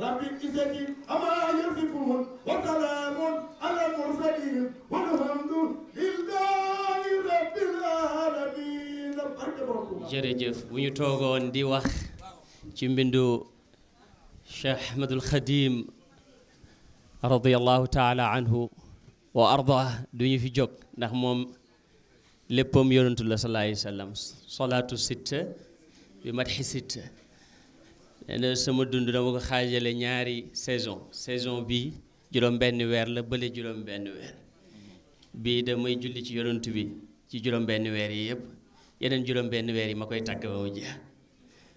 رب العزه اما يرزقهم وسلام على المرسلين والحمد لله رب العالمين جرجف بنيو توغون دي واخ تي مندو شيخ احمد الخديم رضي الله تعالى عنه وارضاه دوني في جوك ناخ موم لبوم يونس الله صلى الله عليه وسلم صلاه سته بمدح سته ne sama dund dama ko xaajale ñaari saison saison bi juróom benn weer la bële juróom benn weer bii damay julli ci yonent bi ci juróom benn weer yi yëpp yeneen juróom benn weer yi ma koy tàgg ba mu jeex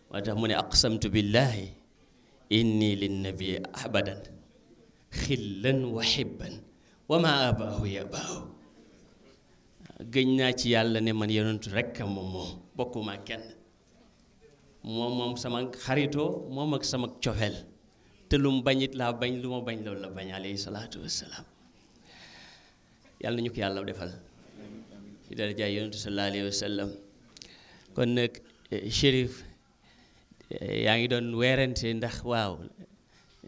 moo tax mu ne aqsamtu billahi inni linnabi abadan xillan wa xibban wa ma abaahu yabaahu gëñ naa ci yàlla ne man yonentu rek moom moom bokkuma kenn moom moom sama xaritoo moom ak sama cofeel te lu mu it laa bañ lu ma bañ loolu la bañ alayhi salaatu wassalaam yàlla na ñu ko yàlla defal ci darajaay yonentu sallallahu alayhi kon nag eh, Chérif eh, yaa ngi doon weerante ndax waaw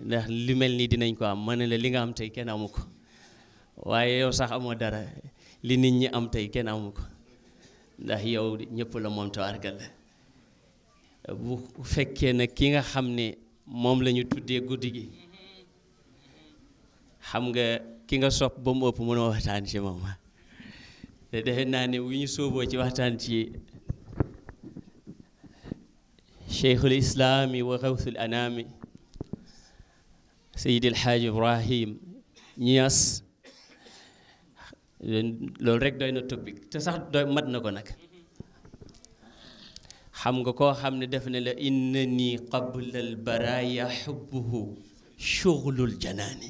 ndax li mel nii dinañ ko am mën na la li nga am tey kenn amu ko waaye yow sax amoo dara li nit ñi am tey kenn amu ko ndax yow ñëpp la moom tawargal la bu fekkee nag ki nga xam ni moom la tuddee guddi gi xam nga ki nga sopp ba mu ëpp mënoo waxtaan ci moom te defe naa ne wu ñu sóoboo ci waxtaan ci cheikhul islaami wa xawsul anaami sayid alxaaji ibrahim ñias loolu rek doy na topic te sax doy mat na ko nag xam nga koo xam ne def ne la innani qabla al baraya xubbuhu shuglul janaani